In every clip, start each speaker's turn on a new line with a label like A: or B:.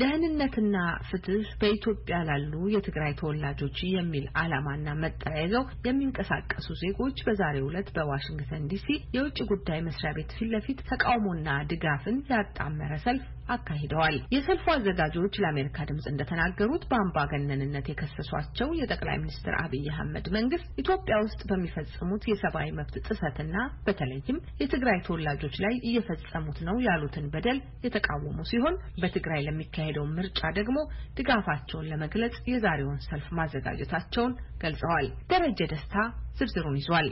A: ደህንነትና ፍትህ በኢትዮጵያ ላሉ የትግራይ ተወላጆች የሚል ዓላማና መጠሪያ ይዘው የሚንቀሳቀሱ ዜጎች በዛሬው ዕለት በዋሽንግተን ዲሲ የውጭ ጉዳይ መስሪያ ቤት ፊት ለፊት ተቃውሞና ድጋፍን ያጣመረ ሰልፍ አካሂደዋል። የሰልፉ አዘጋጆች ለአሜሪካ ድምጽ እንደተናገሩት በአምባገነንነት የከሰሷቸው የጠቅላይ ሚኒስትር አብይ አህመድ መንግስት ኢትዮጵያ ውስጥ በሚፈጽሙት የሰብአዊ መብት ጥሰትና በተለይም የትግራይ ተወላጆች ላይ እየፈጸሙት ነው ያሉትን በደል የተቃወሙ ሲሆን በትግራይ ለሚካሄደው ምርጫ ደግሞ ድጋፋቸውን ለመግለጽ የዛሬውን ሰልፍ ማዘጋጀታቸውን ገልጸዋል። ደረጀ ደስታ ዝርዝሩን ይዟል።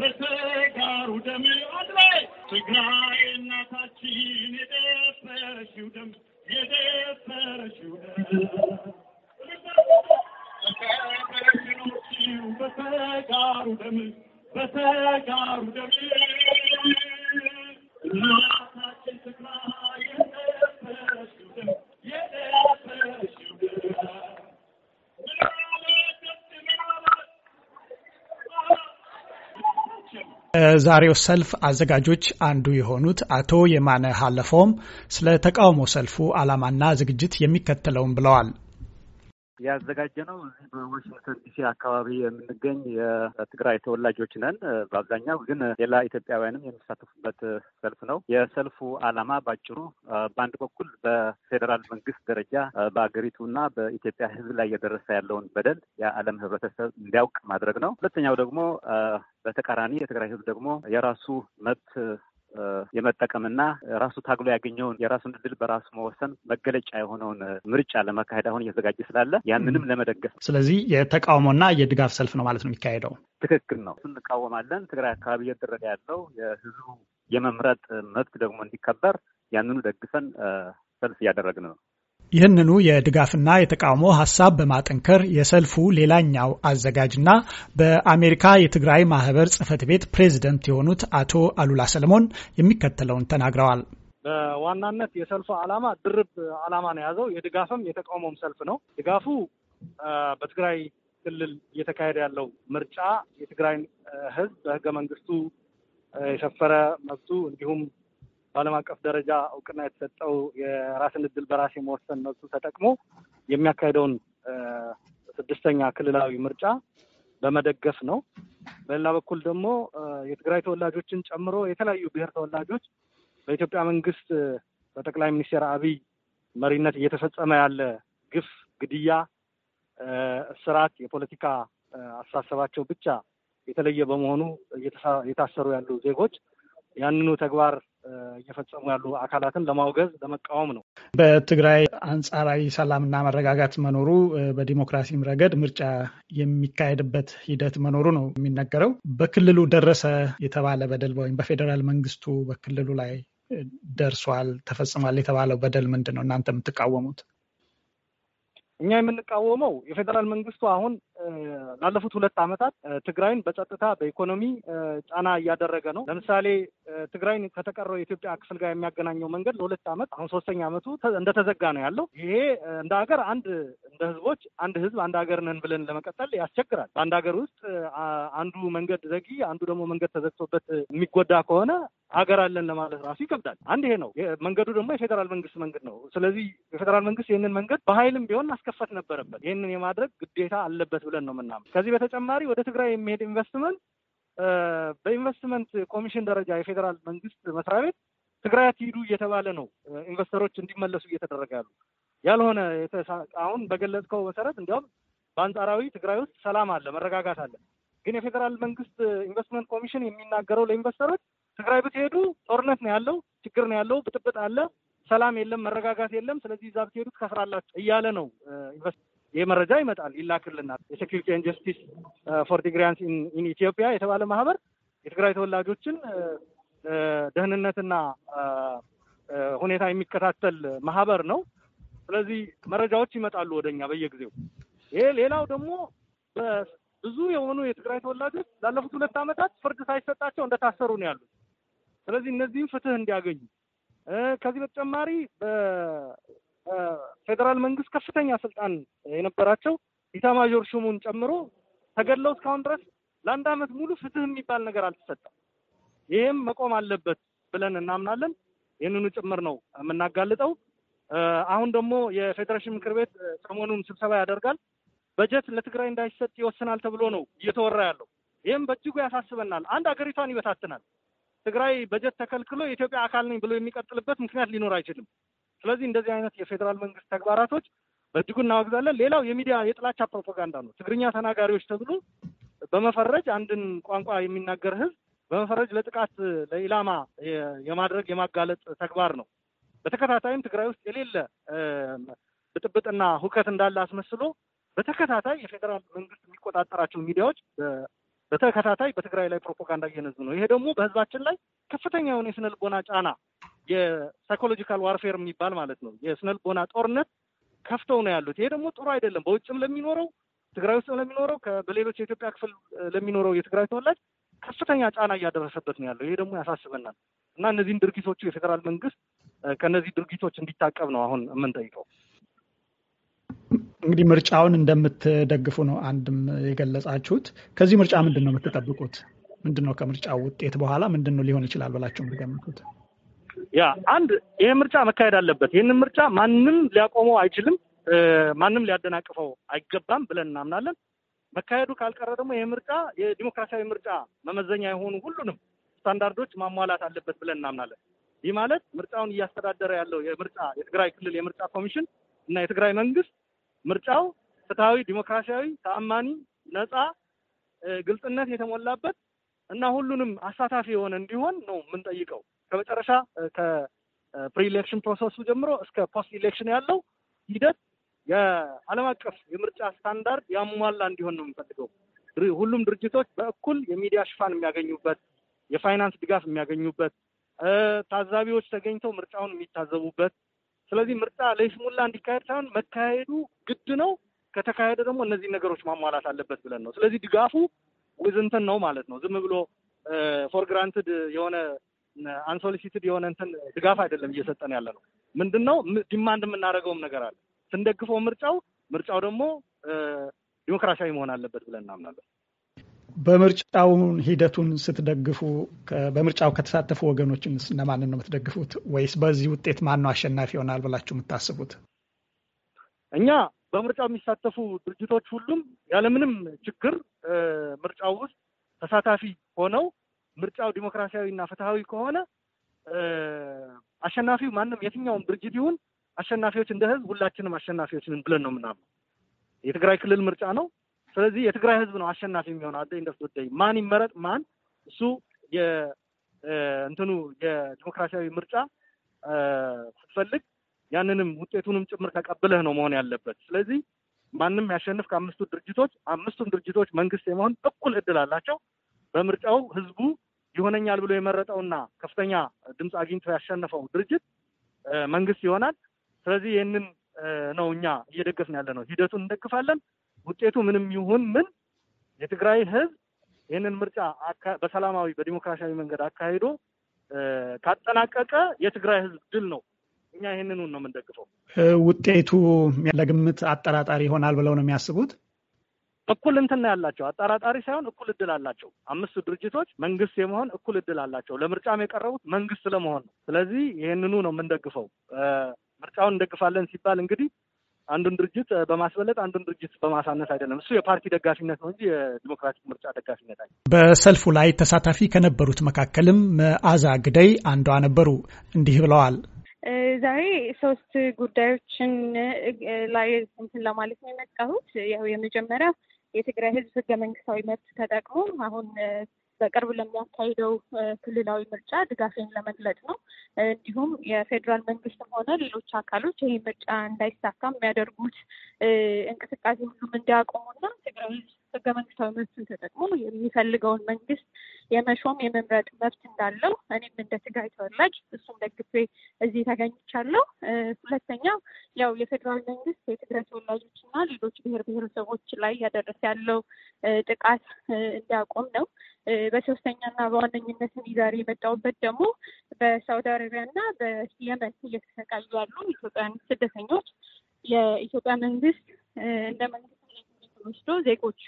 B: በተጋሩ ደም አድላይ ትግራይ እናታችን የደፈረሽው ደም የደፈረሽው ደም ደም በተጋሩ ደም
C: ከዛሬው ሰልፍ አዘጋጆች አንዱ የሆኑት አቶ የማነ ሀለፎም ስለ ተቃውሞ ሰልፉ ዓላማና ዝግጅት የሚከተለውን ብለዋል።
A: ያዘጋጀ ነው። እዚህ በዋሽንግተን ዲሲ አካባቢ የምንገኝ የትግራይ ተወላጆች ነን። በአብዛኛው ግን ሌላ ኢትዮጵያውያንም የሚሳተፉበት ሰልፍ ነው። የሰልፉ ዓላማ ባጭሩ በአንድ በኩል በፌዴራል መንግስት ደረጃ በአገሪቱና በኢትዮጵያ ሕዝብ ላይ የደረሰ ያለውን በደል የዓለም ሕብረተሰብ እንዲያውቅ ማድረግ ነው። ሁለተኛው ደግሞ በተቃራኒ የትግራይ ሕዝብ ደግሞ የራሱ መብት የመጠቀምና ራሱ ታግሎ ያገኘውን የራሱን እድል በራሱ መወሰን መገለጫ የሆነውን ምርጫ ለመካሄድ አሁን እየተዘጋጀ ስላለ ያንንም ለመደገፍ
C: ስለዚህ የተቃውሞና የድጋፍ ሰልፍ ነው ማለት ነው የሚካሄደው። ትክክል ነው።
A: እንቃወማለን። ትግራይ አካባቢ እየተደረገ ያለው የህዝቡ የመምረጥ መብት ደግሞ እንዲከበር ያንኑ ደግፈን ሰልፍ እያደረግን ነው።
C: ይህንኑ የድጋፍና የተቃውሞ ሀሳብ በማጠንከር የሰልፉ ሌላኛው አዘጋጅና በአሜሪካ የትግራይ ማህበር ጽህፈት ቤት ፕሬዝደንት የሆኑት አቶ አሉላ ሰለሞን የሚከተለውን ተናግረዋል።
A: በዋናነት የሰልፉ ዓላማ ድርብ ዓላማ ነው የያዘው። የድጋፍም የተቃውሞም ሰልፍ ነው። ድጋፉ በትግራይ ክልል እየተካሄደ ያለው ምርጫ የትግራይን ህዝብ በህገ መንግስቱ የሰፈረ መብቱ እንዲሁም በዓለም አቀፍ ደረጃ እውቅና የተሰጠው የራስን እድል በራስ የመወሰን መብቱ ተጠቅሞ የሚያካሄደውን ስድስተኛ ክልላዊ ምርጫ በመደገፍ ነው። በሌላ በኩል ደግሞ የትግራይ ተወላጆችን ጨምሮ የተለያዩ ብሔር ተወላጆች በኢትዮጵያ መንግስት በጠቅላይ ሚኒስትር አብይ መሪነት እየተፈጸመ ያለ ግፍ፣ ግድያ፣ እስራት የፖለቲካ አስተሳሰባቸው ብቻ የተለየ በመሆኑ እየታሰሩ ያሉ ዜጎች ያንኑ ተግባር እየፈጸሙ ያሉ አካላትን ለማውገዝ ለመቃወም ነው።
C: በትግራይ አንጻራዊ ሰላምና መረጋጋት መኖሩ በዲሞክራሲም ረገድ ምርጫ የሚካሄድበት ሂደት መኖሩ ነው የሚነገረው። በክልሉ ደረሰ የተባለ በደል ወይም በፌዴራል መንግስቱ በክልሉ ላይ ደርሷል ተፈጽሟል የተባለው በደል ምንድን ነው? እናንተ የምትቃወሙት?
A: እኛ የምንቃወመው የፌዴራል መንግስቱ አሁን ላለፉት ሁለት ዓመታት ትግራይን በጸጥታ በኢኮኖሚ ጫና እያደረገ ነው። ለምሳሌ ትግራይን ከተቀረው የኢትዮጵያ ክፍል ጋር የሚያገናኘው መንገድ ለሁለት ዓመት አሁን ሶስተኛ ዓመቱ እንደተዘጋ ነው ያለው። ይሄ እንደ ሀገር አንድ እንደ ህዝቦች አንድ ህዝብ አንድ ሀገር ነን ብለን ለመቀጠል ያስቸግራል። በአንድ ሀገር ውስጥ አንዱ መንገድ ዘጊ፣ አንዱ ደግሞ መንገድ ተዘግቶበት የሚጎዳ ከሆነ ሀገር አለን ለማለት ራሱ ይከብዳል። አንድ ይሄ ነው። መንገዱ ደግሞ የፌዴራል መንግስት መንገድ ነው። ስለዚህ የፌዴራል መንግስት ይህንን መንገድ በኃይልም ቢሆን ማስከፈት ነበረበት። ይህንን የማድረግ ግዴታ አለበት ብለን ነው ምናምን። ከዚህ በተጨማሪ ወደ ትግራይ የሚሄድ ኢንቨስትመንት በኢንቨስትመንት ኮሚሽን ደረጃ የፌዴራል መንግስት መስሪያ ቤት ትግራይ አትሂዱ እየተባለ ነው ኢንቨስተሮች እንዲመለሱ እየተደረገ ያሉ ያልሆነ አሁን በገለጽከው መሰረት እንዲያውም በአንጻራዊ ትግራይ ውስጥ ሰላም አለ፣ መረጋጋት አለ። ግን የፌዴራል መንግስት ኢንቨስትመንት ኮሚሽን የሚናገረው ለኢንቨስተሮች ትግራይ ብትሄዱ ጦርነት ነው ያለው፣ ችግር ነው ያለው፣ ብጥብጥ አለ፣ ሰላም የለም፣ መረጋጋት የለም፣ ስለዚህ እዛ ብትሄዱ ትከስራላችሁ እያለ ነው ኢንቨስት ይህ መረጃ ይመጣል፣ ይላክልናል። የሴኪሪቲ ኤንድ ጀስቲስ ፎር ኢን ኢትዮጵያ የተባለ ማህበር የትግራይ ተወላጆችን ደህንነትና ሁኔታ የሚከታተል ማህበር ነው። ስለዚህ መረጃዎች ይመጣሉ ወደኛ በየጊዜው። ይሄ ሌላው ደግሞ ብዙ የሆኑ የትግራይ ተወላጆች ላለፉት ሁለት ዓመታት ፍርድ ሳይሰጣቸው እንደታሰሩ ነው ያሉት። ስለዚህ እነዚህም ፍትህ እንዲያገኙ ከዚህ በተጨማሪ ፌዴራል መንግስት ከፍተኛ ስልጣን የነበራቸው ኢታማዦር ሹሙን ጨምሮ ተገድለው እስካሁን ድረስ ለአንድ ዓመት ሙሉ ፍትህ የሚባል ነገር አልተሰጠም። ይህም መቆም አለበት ብለን እናምናለን። ይህንኑ ጭምር ነው የምናጋልጠው። አሁን ደግሞ የፌዴሬሽን ምክር ቤት ሰሞኑን ስብሰባ ያደርጋል። በጀት ለትግራይ እንዳይሰጥ ይወስናል ተብሎ ነው እየተወራ ያለው። ይህም በእጅጉ ያሳስበናል። አንድ ሀገሪቷን ይበታትናል። ትግራይ በጀት ተከልክሎ የኢትዮጵያ አካል ነኝ ብሎ የሚቀጥልበት ምክንያት ሊኖር አይችልም። ስለዚህ እንደዚህ አይነት የፌዴራል መንግስት ተግባራቶች በእጅጉ እናወግዛለን። ሌላው የሚዲያ የጥላቻ ፕሮፓጋንዳ ነው። ትግርኛ ተናጋሪዎች ተብሎ በመፈረጅ አንድን ቋንቋ የሚናገር ህዝብ በመፈረጅ ለጥቃት ለኢላማ የማድረግ የማጋለጥ ተግባር ነው። በተከታታይም ትግራይ ውስጥ የሌለ ብጥብጥና ሁከት እንዳለ አስመስሎ በተከታታይ የፌዴራል መንግስት የሚቆጣጠራቸው ሚዲያዎች በተከታታይ በትግራይ ላይ ፕሮፓጋንዳ እየነዙ ነው። ይሄ ደግሞ በህዝባችን ላይ ከፍተኛ የሆነ የስነ ልቦና ጫና የሳይኮሎጂካል ዋርፌር የሚባል ማለት ነው የስነልቦና ጦርነት ከፍተው ነው ያሉት። ይሄ ደግሞ ጥሩ አይደለም። በውጭም ለሚኖረው ትግራይ ውስጥም ለሚኖረው በሌሎች የኢትዮጵያ ክፍል ለሚኖረው የትግራይ ተወላጅ ከፍተኛ ጫና እያደረሰበት ነው ያለው። ይሄ ደግሞ ያሳስበናል እና እነዚህን ድርጊቶቹ የፌዴራል መንግስት ከእነዚህ ድርጊቶች እንዲታቀብ ነው አሁን የምንጠይቀው።
C: እንግዲህ ምርጫውን እንደምትደግፉ ነው አንድም የገለጻችሁት። ከዚህ ምርጫ ምንድን ነው የምትጠብቁት? ምንድን ነው ከምርጫው ውጤት በኋላ ምንድን ነው ሊሆን ይችላል ብላችሁ የምትገምቱት?
A: ያ አንድ ይሄ ምርጫ መካሄድ አለበት። ይህንን ምርጫ ማንም ሊያቆመው አይችልም፣ ማንም ሊያደናቅፈው አይገባም ብለን እናምናለን። መካሄዱ ካልቀረ ደግሞ ይህ ምርጫ የዲሞክራሲያዊ ምርጫ መመዘኛ የሆኑ ሁሉንም ስታንዳርዶች ማሟላት አለበት ብለን እናምናለን። ይህ ማለት ምርጫውን እያስተዳደረ ያለው የምርጫ የትግራይ ክልል የምርጫ ኮሚሽን እና የትግራይ መንግስት ምርጫው ፍትሐዊ፣ ዲሞክራሲያዊ፣ ተአማኒ፣ ነፃ፣ ግልጽነት የተሞላበት እና ሁሉንም አሳታፊ የሆነ እንዲሆን ነው የምንጠይቀው። ከፕሪ ከፕሪኤሌክሽን ፕሮሰሱ ጀምሮ እስከ ፖስት ኢሌክሽን ያለው ሂደት የዓለም አቀፍ የምርጫ ስታንዳርድ ያሟላ እንዲሆን ነው የምንፈልገው። ሁሉም ድርጅቶች በእኩል የሚዲያ ሽፋን የሚያገኙበት፣ የፋይናንስ ድጋፍ የሚያገኙበት፣ ታዛቢዎች ተገኝተው ምርጫውን የሚታዘቡበት። ስለዚህ ምርጫ ለይስሙላ እንዲካሄድ ሳይሆን መካሄዱ ግድ ነው። ከተካሄደ ደግሞ እነዚህ ነገሮች ማሟላት አለበት ብለን ነው። ስለዚህ ድጋፉ ውዝንትን ነው ማለት ነው። ዝም ብሎ ፎር ግራንትድ የሆነ አንሶሊሲትድ የሆነ እንትን ድጋፍ አይደለም እየሰጠን ያለ ነው። ምንድን ነው ዲማንድ የምናደርገውም ነገር አለ። ስንደግፈው ምርጫው ምርጫው ደግሞ ዲሞክራሲያዊ መሆን አለበት ብለን እናምናለን።
C: በምርጫውን ሂደቱን ስትደግፉ በምርጫው ከተሳተፉ ወገኖችን እነማንን ነው የምትደግፉት? ወይስ በዚህ ውጤት ማን ነው አሸናፊ ይሆናል ብላችሁ የምታስቡት?
A: እኛ በምርጫው የሚሳተፉ ድርጅቶች ሁሉም ያለምንም ችግር ምርጫው ውስጥ ተሳታፊ ሆነው ምርጫው ዲሞክራሲያዊና ፍትሐዊ ከሆነ አሸናፊው ማንም የትኛውም ድርጅት ይሁን አሸናፊዎች እንደ ህዝብ ሁላችንም አሸናፊዎች ብለን ነው የምናምነው። የትግራይ ክልል ምርጫ ነው። ስለዚህ የትግራይ ህዝብ ነው አሸናፊ የሚሆነው። አደ እንደስወደኝ ማን ይመረጥ ማን እሱ እንትኑ የዲሞክራሲያዊ ምርጫ ስትፈልግ ያንንም ውጤቱንም ጭምር ተቀብለህ ነው መሆን ያለበት። ስለዚህ ማንም ያሸንፍ ከአምስቱ ድርጅቶች አምስቱም ድርጅቶች መንግስት የመሆን እኩል እድል አላቸው። በምርጫው ህዝቡ ይሆነኛል ብሎ የመረጠውና ከፍተኛ ድምፅ አግኝቶ ያሸነፈው ድርጅት መንግስት ይሆናል። ስለዚህ ይህንን ነው እኛ እየደገፍን ያለ ነው። ሂደቱን እንደግፋለን። ውጤቱ ምንም ይሁን ምን የትግራይ ህዝብ ይህንን ምርጫ በሰላማዊ በዲሞክራሲያዊ መንገድ አካሂዶ ካጠናቀቀ የትግራይ ህዝብ ድል ነው። እኛ ይህንኑን ነው የምንደግፈው።
C: ውጤቱ ለግምት አጠራጣሪ ይሆናል ብለው ነው የሚያስቡት?
A: እኩል እንትና ያላቸው አጠራጣሪ ሳይሆን እኩል እድል አላቸው። አምስቱ ድርጅቶች መንግስት የመሆን እኩል እድል አላቸው። ለምርጫም የቀረቡት መንግስት ለመሆን ነው። ስለዚህ ይህንኑ ነው የምንደግፈው። ምርጫውን እንደግፋለን ሲባል እንግዲህ አንዱን ድርጅት በማስበለጥ አንዱን ድርጅት በማሳነስ አይደለም። እሱ የፓርቲ ደጋፊነት ነው እንጂ የዲሞክራቲክ ምርጫ
B: ደጋፊነት አይ
C: በሰልፉ ላይ ተሳታፊ ከነበሩት መካከልም መዓዛ ግደይ አንዷ ነበሩ። እንዲህ ብለዋል።
B: ዛሬ ሶስት ጉዳዮችን ላይ እንትን ለማለት ነው የመጣሁት። ያው የመጀመሪያው የትግራይ ህዝብ ህገ መንግስታዊ መብት ተጠቅሞ አሁን በቅርብ ለሚያካሂደው ክልላዊ ምርጫ ድጋፌን ለመግለጽ ነው። እንዲሁም የፌዴራል መንግስትም ሆነ ሌሎች አካሎች ይህ ምርጫ እንዳይሳካ የሚያደርጉት እንቅስቃሴ ሁሉም እንዲያቆሙና ትግራይ ህዝብ ህገ መንግስታዊ መብትን ተጠቅሞ የሚፈልገውን መንግስት የመሾም የመምረጥ መብት እንዳለው እኔም እንደ ትግራይ ተወላጅ እሱም ደግፌ እዚህ ተገኝቻለሁ። ሁለተኛ ያው የፌዴራል መንግስት የትግራይ ተወላጆች እና ሌሎች ብሔር ብሔረሰቦች ላይ እያደረሰ ያለው ጥቃት እንዲያቆም ነው። በሶስተኛና በዋነኝነት እኔ ዛሬ የመጣሁበት ደግሞ በሳውዲ አረቢያና በየመን እየተሰቃዩ ያሉ ኢትዮጵያን ስደተኞች የኢትዮጵያ መንግስት እንደ መንግስት ወስዶ ዜጎቹ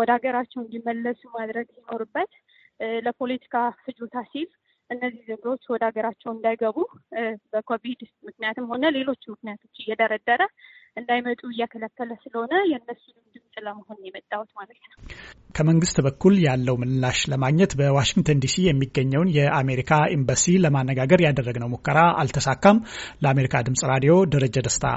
B: ወደ ሀገራቸው እንዲመለሱ ማድረግ ሲኖርበት ለፖለቲካ ፍጆታ ሲል እነዚህ ዜጎች ወደ ሀገራቸው እንዳይገቡ በኮቪድ ምክንያትም ሆነ ሌሎች ምክንያቶች እየደረደረ እንዳይመጡ እያከለከለ ስለሆነ የእነሱንም ድምጽ ለመሆን የመጣሁት ማለት ነው።
C: ከመንግስት በኩል ያለው ምላሽ ለማግኘት በዋሽንግተን ዲሲ የሚገኘውን የአሜሪካ ኤምባሲ ለማነጋገር ያደረግነው ሙከራ አልተሳካም። ለአሜሪካ ድምጽ ራዲዮ ደረጀ ደስታ